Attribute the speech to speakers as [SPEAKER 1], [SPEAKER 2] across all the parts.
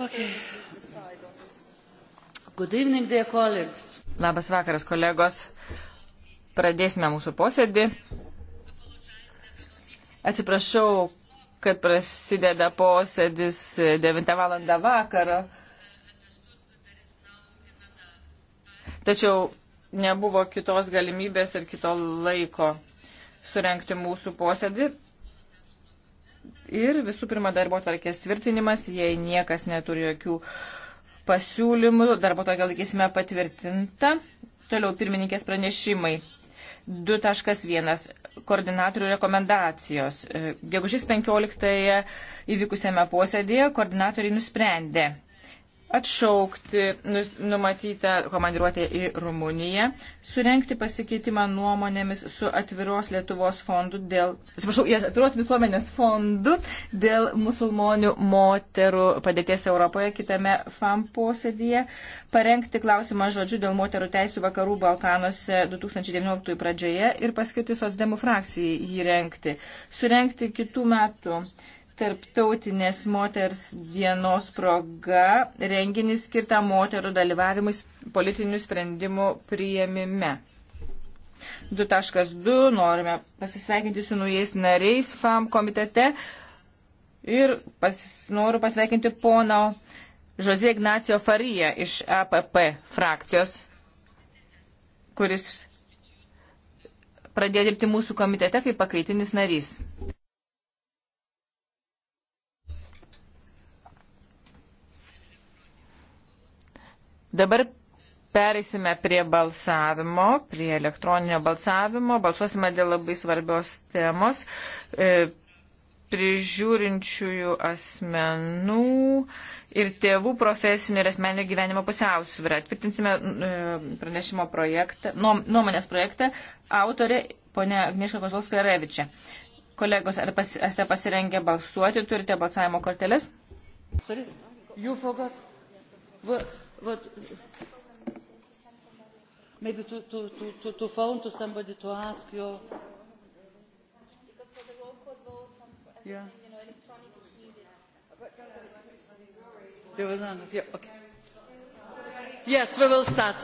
[SPEAKER 1] Okay. Good evening, dear colleagues. Labas vakaras, kolegos. Pradėsime mūsų posėdį. Atsiprašau, kad prasideda posėdis 9 val. vakaro. Tačiau nebuvo kitos galimybės ir kito laiko surenkti mūsų posėdį. Ir visų pirma, darbo tvarkės tvirtinimas, jei niekas neturi jokių pasiūlymų, darbo tvarkę laikysime patvirtinta. Toliau pirmininkės pranešimai. 2.1. Koordinatorių rekomendacijos. E, gegužės 15 įvykusiame posėdėje koordinatoriai nusprendė atšaukti numatytą komandiruotę į Rumuniją, surenkti pasikeitimą nuomonėmis su atviros Lietuvos fondu dėl, atsiprašau, atviros visuomenės fondu dėl musulmonių moterų padėties Europoje kitame FAM posėdėje, parengti klausimą žodžiu dėl moterų teisų vakarų Balkanuose 2019 pradžioje ir paskirti sosdemų frakcijai jį renkti, surenkti kitų metų Tarptautinės moters dienos proga renginį skirtą moterų dalyvavimui politinių sprendimų prieimime. 2.2 norime pasisveikinti su naujais nariais FAM komitete ir pas, noriu pasveikinti pono Žozė Ignacio Farija iš APP frakcijos, kuris pradėjo dirbti mūsų komitete kaip pakaitinis narys. Dabar pereisime prie balsavimo, prie elektroninio balsavimo. Balsuosime dėl labai svarbios temos. E, prižiūrinčiųjų asmenų ir tėvų profesinio ir asmeninio gyvenimo pusiausvyrą. Atvirtinsime e, pranešimo projektą, nuomonės projektą, autorė ponia Agniška Kozlovska Revičia. Kolegos, ar pas, esate pasirengę balsuoti, turite balsavimo korteles? Sorry, What, maybe to, to, to, to, to phone to somebody to ask you. Because for the roll call vote and for everything, yeah. you know, electronic is needed. But don't worry. There was none. Yeah, okay. Yes, we will start.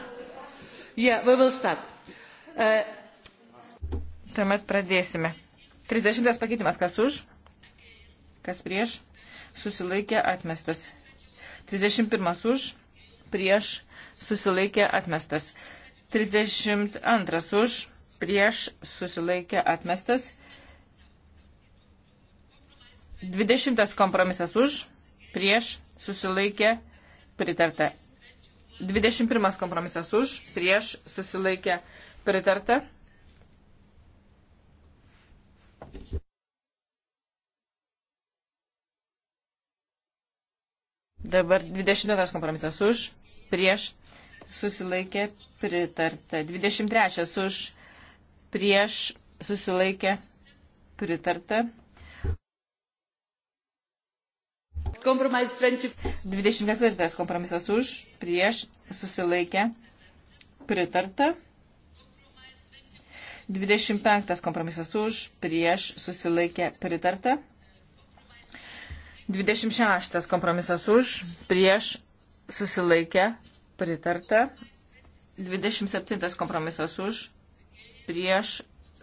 [SPEAKER 1] Yeah, we will start. Uh, Tuomet pradėsime. 30 pakeitimas. Kas už? Kas prieš? Susilaikė atmestas. 31 už prieš susilaikė atmestas. 32 už prieš susilaikė atmestas. 20 kompromisas už prieš susilaikė pritarta. 21 kompromisas už prieš susilaikė pritarta. 21 kompromisas už prieš susilaikė pritarta. 23 už prieš susilaikė pritarta. 24 kompromisas už prieš susilaikė pritarta. 25 kompromisas už, prieš, susilaikė, pritarta. 26 kompromisas už, prieš, susilaikė, pritarta. 27 kompromisas už, prieš,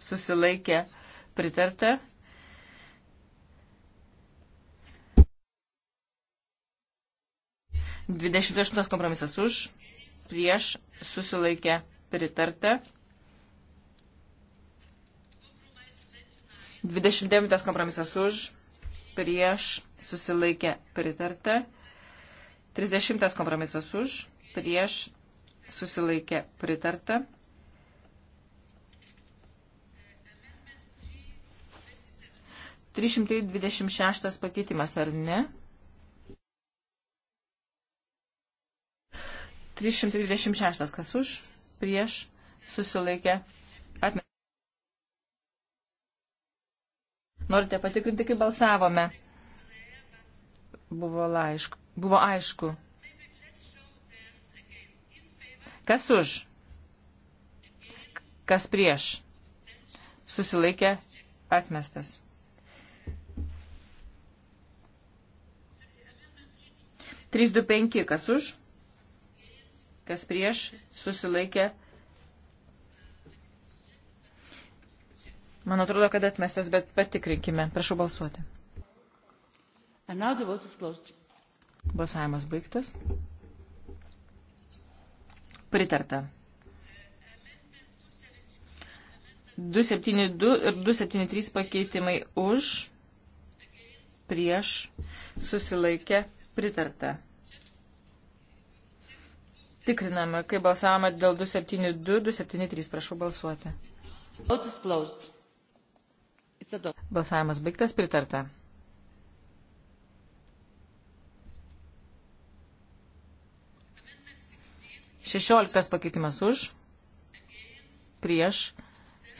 [SPEAKER 1] susilaikė, pritarta. Dvidešimt aštuntas kompromisas už, prieš, susilaikė, pritarta. 29 kompromisas už, prieš, susilaikė, pritarta. 30 kompromisas už, prieš, susilaikė pritarta. Trys šimtai dvidešimt šeštas pakeitimas, ar ne? 326 kas už, prieš, susilaikė, atmetė. Norite patikrinti, kaip balsavome? Buvo laišk, buvo aišku. Kas už? Kas prieš? Susilaikė atmestas. Trys du penki, kas už? Kas prieš? Susilaikė. Man atrodo, kad atmestas, bet patikrinkime. Prašau balsuoti. And now the vote is closed. Balsavimas baigtas. Pritarta. 272 ir 273 pakeitimai už, prieš, susilaikė, pritarta. Tikriname, kai balsavome dėl 272, 273, prašau balsuoti. Balsavimas baigtas, pritarta. Šešioliktas pakeitimas už, prieš,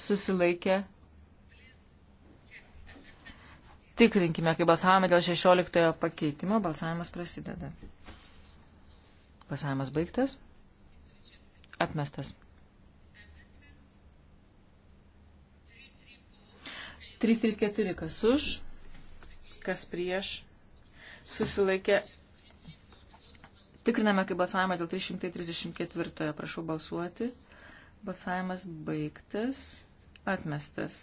[SPEAKER 1] susilaikė. Tikrinkime, kai balsavome dėl šešioliktojo pakeitimo, balsavimas prasideda. Balsavimas baigtas. Atmestas. 334 kas už, kas prieš, susilaikė Tikriname, kaip balsavimą dėl 334. Prašau balsuoti. Balsavimas baigtas. Atmestas.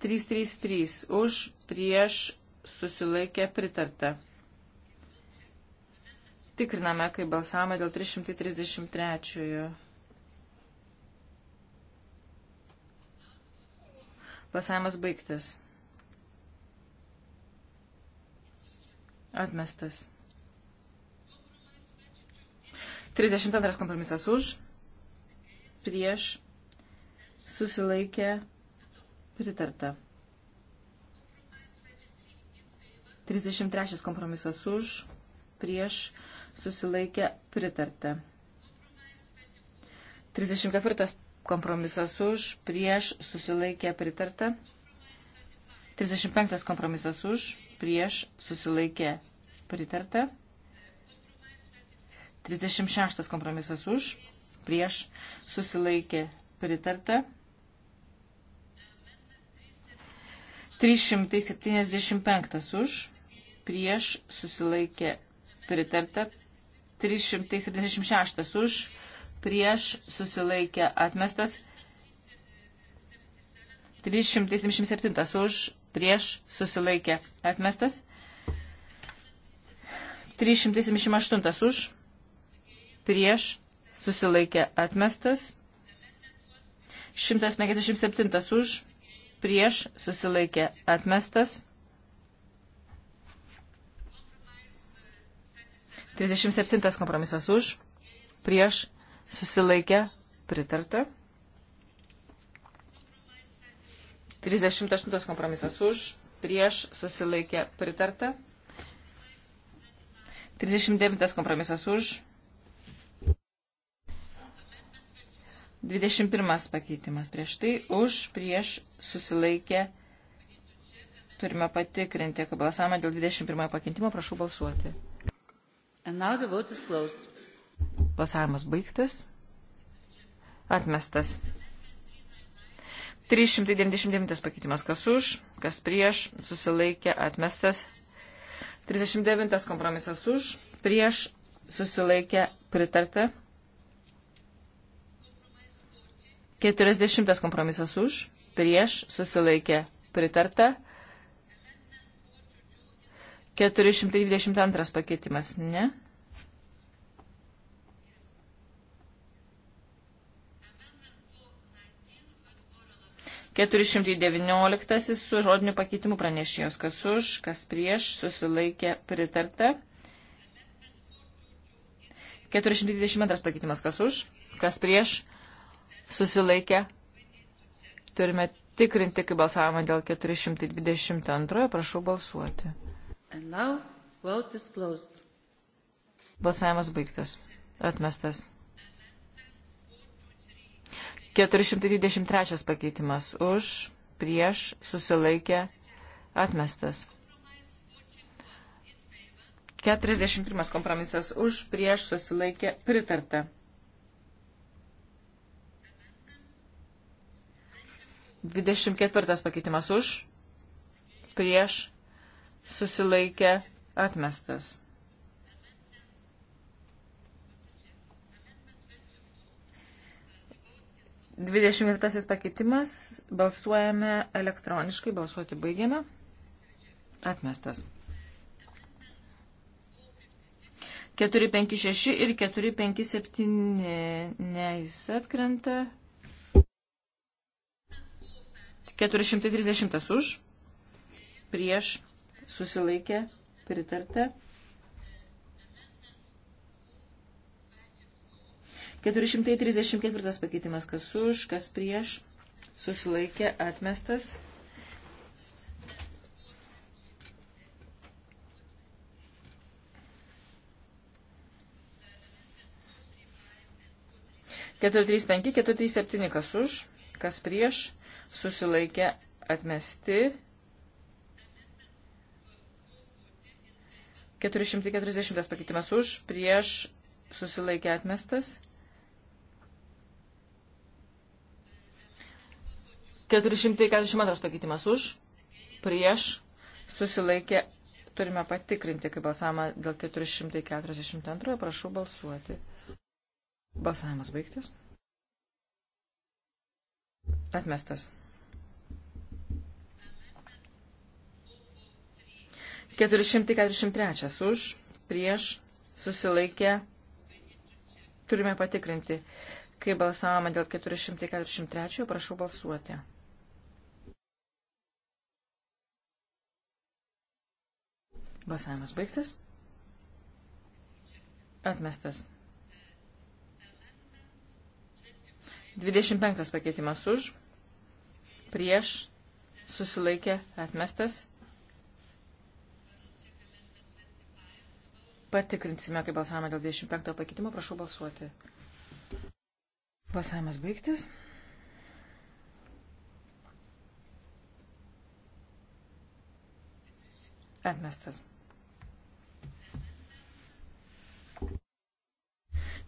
[SPEAKER 1] 333 už, prieš, susilaikė, pritarta. Tikriname, kaip balsavimą dėl 333. Balsavimas baigtas. Atmestas. 32 kompromisas už, prieš, susilaikė, pritarta. 33 kompromisas už, prieš, susilaikė, pritarta. 34 kompromisas už, prieš, susilaikė, pritarta. 35 kompromisas už, prieš, susilaikė, Pritarta. 36 kompromisas už, prieš, susilaikė, pritarta. 375 už, prieš, susilaikė, pritarta. 376 už, prieš, susilaikė, atmestas. 377 už, prieš, susilaikė, atmestas. 378 už, prieš, susilaikė atmestas. 157 už, prieš, susilaikė atmestas. 37 kompromisas už, prieš, susilaikė pritarta. 38 kompromisas už, prieš, susilaikė pritarta. 39 kompromisas už. 21 pakeitimas prieš tai. Už, prieš, susilaikė. Turime patikrinti, kad balsavimą dėl 21 pakeitimo prašau balsuoti. Balsavimas baigtas. Atmestas. 399 pakeitimas kas už, kas prieš, susilaikė, atmestas. 39 kompromisas už, prieš susilaikė pritarta. 40 kompromisas už, prieš susilaikė pritarta. 422 pakeitimas ne. 419 su žodiniu pakeitimu pranešėjos, kas už, kas prieš, susilaikė pritarta. 422 pakeitimas, kas už, kas prieš, susilaikė. Turime tikrinti, kaip balsavimą dėl 422, prašau balsuoti. Now, Balsavimas baigtas. Atmestas. 423 pakeitimas už, prieš, susilaikė, atmestas. 41 kompromisas už, prieš, susilaikė, pritarta. Dvidešimt ketvirtas pakeitimas už, prieš, susilaikė, atmestas. 24 pakeitimas. Balsuojame elektroniškai. Balsuoti baigiame. Atmestas. 456 ir 457. Ne, jis atkrenta. 430 už. Prieš. Susilaikė. Pritarta. 434 pakeitimas, kas už, kas prieš, susilaikė atmestas. Keturi trys penki, keturi trys septyni, kas už, kas prieš, susilaikė atmesti. 440 pakeitimas už, prieš susilaikė atmestas. 442 pakeitimas už, prieš, susilaikė, turime patikrinti, kaip balsavimą dėl 442, prašau balsuoti. Balsavimas baigtas. Atmestas. 443 už, prieš, susilaikė, turime patikrinti. Kai balsavome dėl 443, prašau balsuoti. Balsavimas baigtas. Atmestas. 25 pakeitimas už, prieš, susilaikė, atmestas. Patikrinsime, kaip balsavome dėl 25 pakeitimo, prašau balsuoti. Balsavimas baigtas. Atmestas.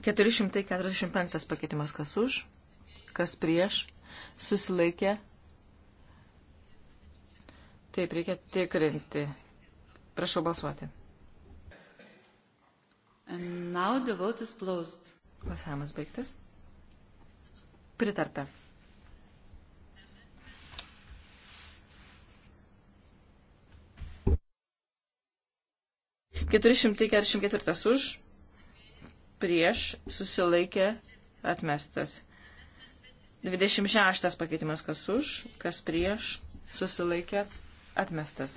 [SPEAKER 1] 445 pakeitimas kas už, kas prieš, susilaikė. Taip, reikia tikrinti. Prašau balsuoti. Balsavimas baigtas. Pritarta. Keturi šimtai keturiasdešimt ketvirtas už, prieš susilaikė atmestas. 26 pakeitimas kas už, kas prieš susilaikė atmestas.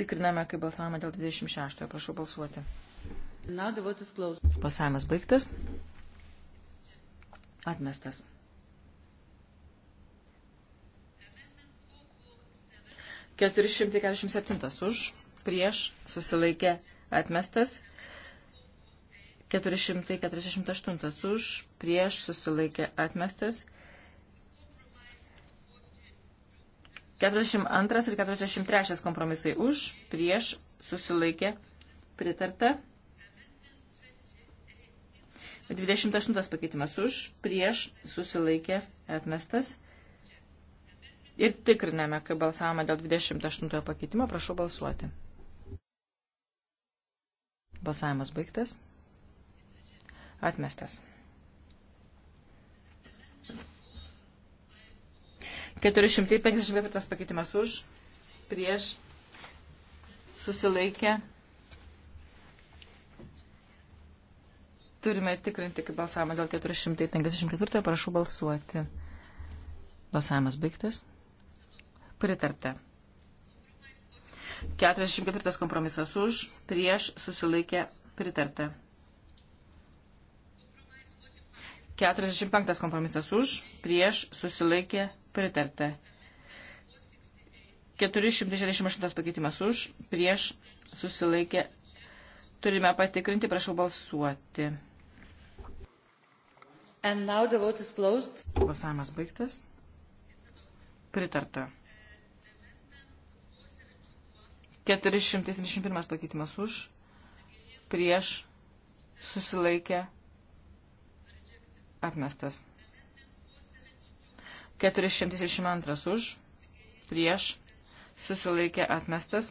[SPEAKER 1] Tikriname, kaip balsavome dėl 26. Prašau balsuoti. Balsavimas baigtas. Atmestas. Keturi šimtai keturiasdešimt septintas už prieš susilaikė atmestas. 448 už prieš susilaikė atmestas. 42 ir 43 kompromisai už prieš susilaikė pritarta. 28 pakeitimas už prieš susilaikė atmestas. Ir tikriname, kai balsavome dėl 28 pakeitimo, prašau balsuoti. Balsavimas baigtas. Atmestas. 454 pakeitimas už, prieš, susilaikė. Turime tikrinti, kaip balsavimą dėl 454, prašau balsuoti. Balsavimas baigtas. Pritarta. 44 kompromisas už, prieš susilaikė pritarta. 45 kompromisas už, prieš susilaikė pritarta. 468 pakeitimas už, prieš susilaikė. Turime patikrinti, prašau balsuoti. Balsavimas baigtas. Pritarta. 421 pakeitimas už, prieš, susilaikė, atmestas. 422 už, prieš, susilaikė, atmestas.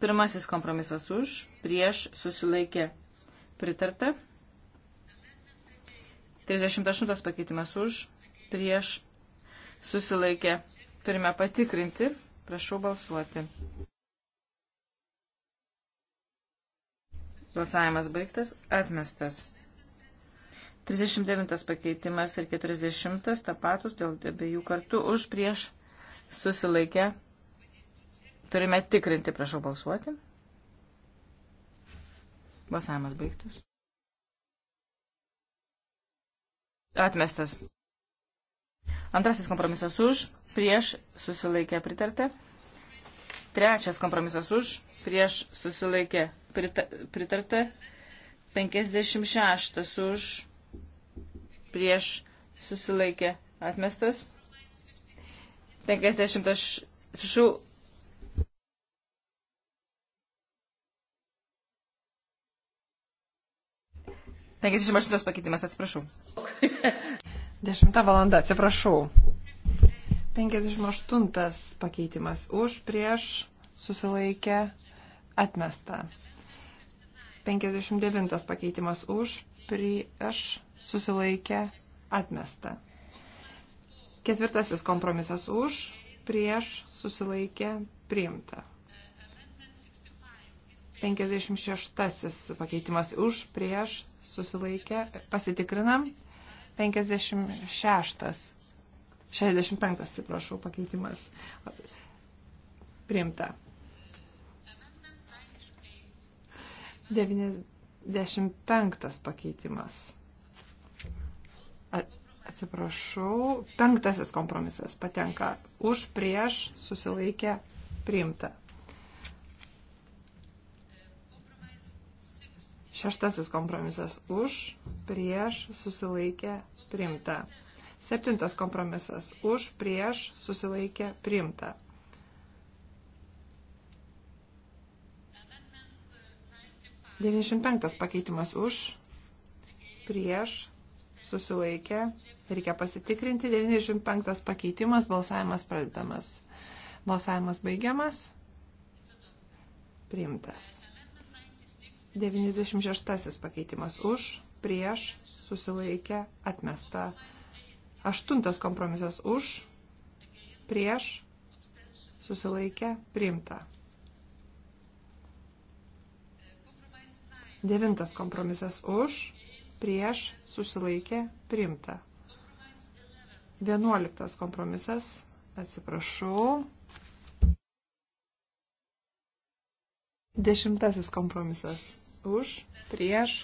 [SPEAKER 1] Pirmasis kompromisas už, prieš, susilaikė, pritarta. 38 pakeitimas už, prieš, susilaikė. Turime patikrinti. Prašau balsuoti. Balsavimas baigtas. Atmestas. 39 pakeitimas ir 40 tapatus dėl abiejų kartų už prieš susilaikę. Turime tikrinti, prašau balsuoti. Balsavimas baigtas. Atmestas. Antrasis kompromisas už, prieš susilaikę pritartę. Trečias kompromisas už, prieš susilaikė prita, pritarta. 56 už, prieš susilaikė atmestas. 50 su Taigi 68 pakeitimas, atsiprašau. 10
[SPEAKER 2] valanda, atsiprašau. 58 pakeitimas už, prieš, susilaikę, atmesta. 59 pakeitimas už, prieš, susilaikę, atmesta. Ketvirtasis kompromisas už, prieš, susilaikę, priimta. 56 pakeitimas už, prieš, susilaikę, pasitikrinam. 56 65, atsiprašau, pakeitimas. Priimta. 95 pakeitimas. Atsiprašau, penktasis kompromisas patenka už prieš susilaikę priimta. Šeštasis kompromisas už prieš susilaikę priimta. Septintas kompromisas. Už, prieš, susilaikė, priimta. Devinšim penktas pakeitimas už, prieš, susilaikė, reikia pasitikrinti. 95 pakeitimas, balsavimas pradedamas. Balsavimas baigiamas, priimtas. 96 pakeitimas už, prieš, susilaikė, atmesta. Aštuntas kompromisas už, prieš, susilaikę, priimta. Devintas kompromisas už, prieš, susilaikė, priimta. Vienuoliktas kompromisas, atsiprašau. Dešimtasis kompromisas už, prieš,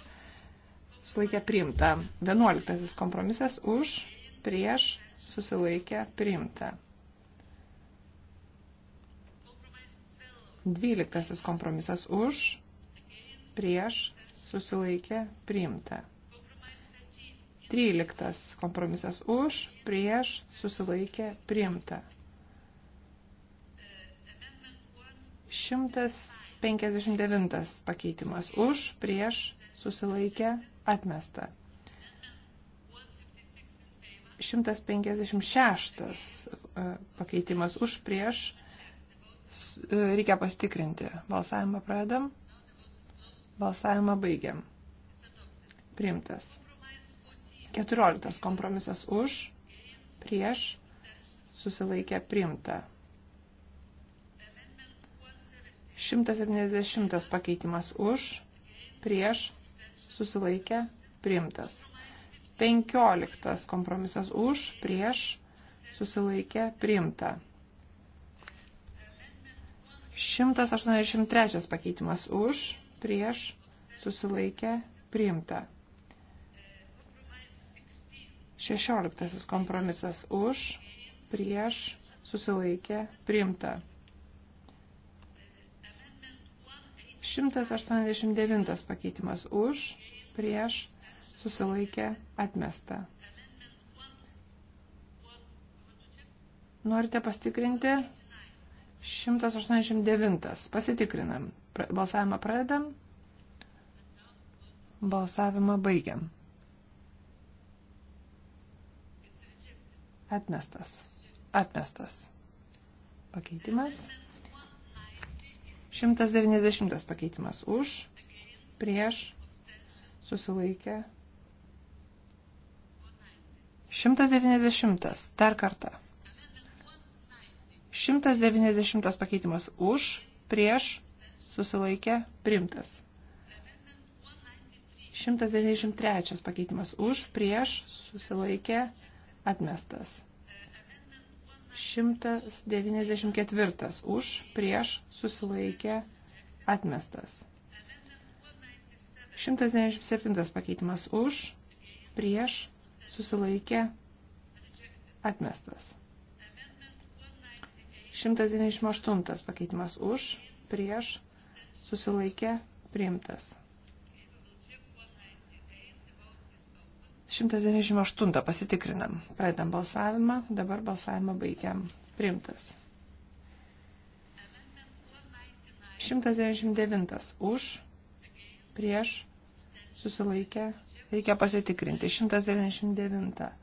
[SPEAKER 2] susilaikė, priimta. Vienuoliktasis kompromisas už, prieš, susilaikę, priimta. Dvyliktasis kompromisas už, prieš, susilaikę, priimta. Tryliktas kompromisas už, prieš, susilaikę, priimta. 159 pakeitimas už, prieš, susilaikę, atmesta. 156 e, pakeitimas už prieš. E, reikia pastikrinti. Balsavimą pradedam. Balsavimą baigiam. Priimtas. 14 kompromisas už prieš susilaikė priimta. 170 pakeitimas už prieš susilaikė priimtas. 15 kompromisas už, prieš, susilaikė, priimta. 183 pakeitimas už, prieš, susilaikė, priimta. 16 kompromisas už, prieš, susilaikė, priimta. 189 pakeitimas už, prieš, susilaikė, atmesta. Norite pastikrinti? 189. Pasitikrinam. Balsavimą pradedam. Balsavimą baigiam. Atmestas. Atmestas. Pakeitimas. 190 pakeitimas už, prieš, susilaikė, 190. Dar kartą. 190 pakeitimas už, prieš, susilaikė, primtas. 193 pakeitimas už, prieš, susilaikė, atmestas. 194 už, prieš, susilaikė, atmestas. 197 pakeitimas už, prieš, susilaikė, atmestas. 198 pakeitimas už, prieš, susilaikė, priimtas. 198 pasitikrinam. Pradedam balsavimą, dabar balsavimą baigiam. Priimtas. 199 už, prieš, susilaikė, Reikia pasitikrinti. 199.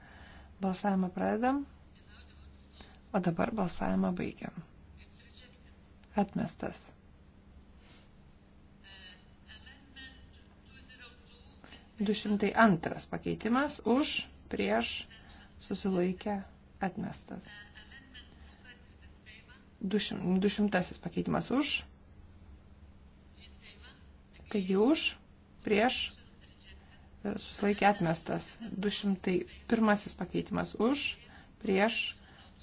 [SPEAKER 2] Balsavimą pradedam. O dabar balsavimą baigiam. Atmestas. Du šimtai antras pakeitimas už, prieš, susilaikę, atmestas. Du šimtasis pakeitimas už. Taigi už, prieš, susilaikė atmestas. 201 pakeitimas už, prieš,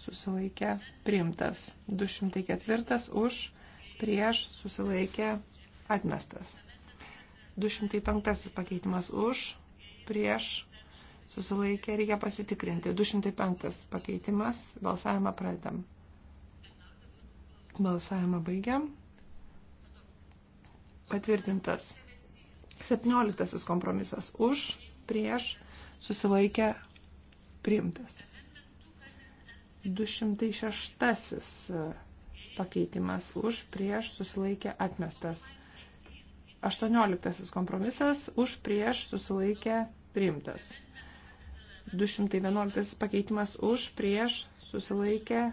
[SPEAKER 2] susilaikė priimtas. 204 už, prieš, susilaikė atmestas. 205 pakeitimas už, prieš, susilaikė, reikia pasitikrinti. 205 pakeitimas, balsavimą pradedam. Balsavimą baigiam. Patvirtintas. 17 kompromisas už, prieš, susilaikė priimtas. 206 e, pakeitimas už, prieš, susilaikė atmestas. 18 kompromisas už, prieš, susilaikė priimtas. 211 pakeitimas už, prieš, susilaikė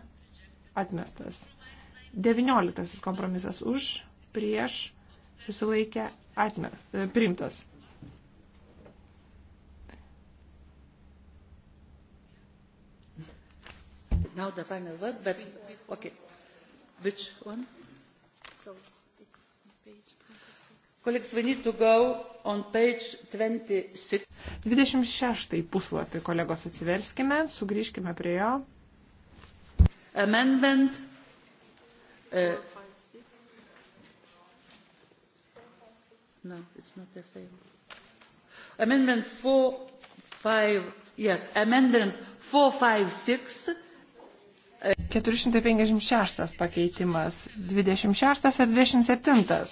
[SPEAKER 2] atmestas. 19 kompromisas už, prieš, susilaikė atmes, e, priimtas. Now the final word, but okay. Which one? So it's page 26. Colleagues, we need to go on page 26. 26 puslapį, kolegos, atsiverskime, sugrįžkime prie jo. Amendment. Uh, No, it's not the same. Amendment 4, 5, yes, amendment 456. 456 uh, pakeitimas, 26 ir 27.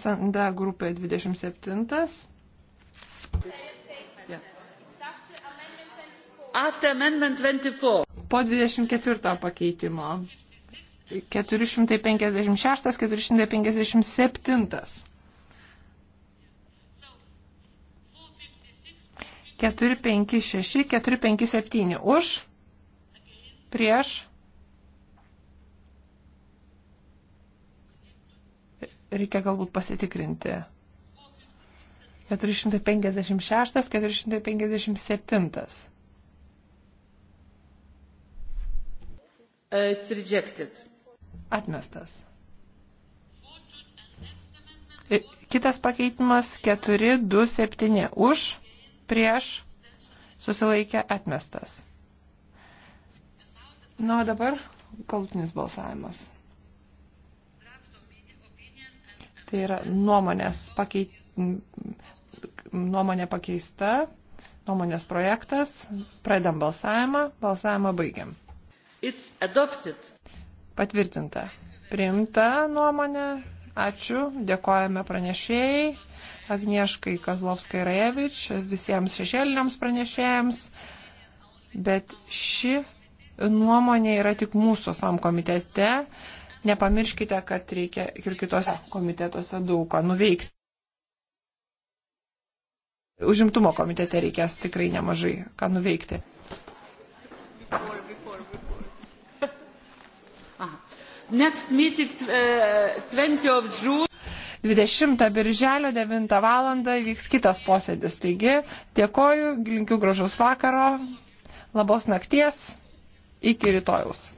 [SPEAKER 2] SND grupė 27. Yeah. After amendment 24. Po 24 pakeitimo. 456-457. 456, 457 už, prieš, reikia galbūt pasitikrinti. 456, 457. Uh, it's rejected. Atmestas. E, kitas pakeitimas 427 už, prieš, susilaikė atmestas. Na, o dabar galutinis balsavimas. Tai yra nuomonės pakeit... nuomonė pakeista, nuomonės projektas, pradam balsavimą, balsavimą baigiam. It's adopted. Patvirtinta. Priimta nuomonė. Ačiū. Dėkojame pranešėjai. Agnieškai Kazlovskai Rajevič, visiems šešėliniams pranešėjams. Bet ši nuomonė yra tik mūsų FAM komitete. Nepamirškite, kad reikia ir kitose komitetuose daug ką nuveikti. Užimtumo komitete reikės tikrai nemažai ką nuveikti.
[SPEAKER 1] Meeting, uh,
[SPEAKER 2] 20 birželio 9 val. vyks kitas posėdis. Taigi, dėkoju, linkiu gražus vakaro, labos nakties, iki rytojaus.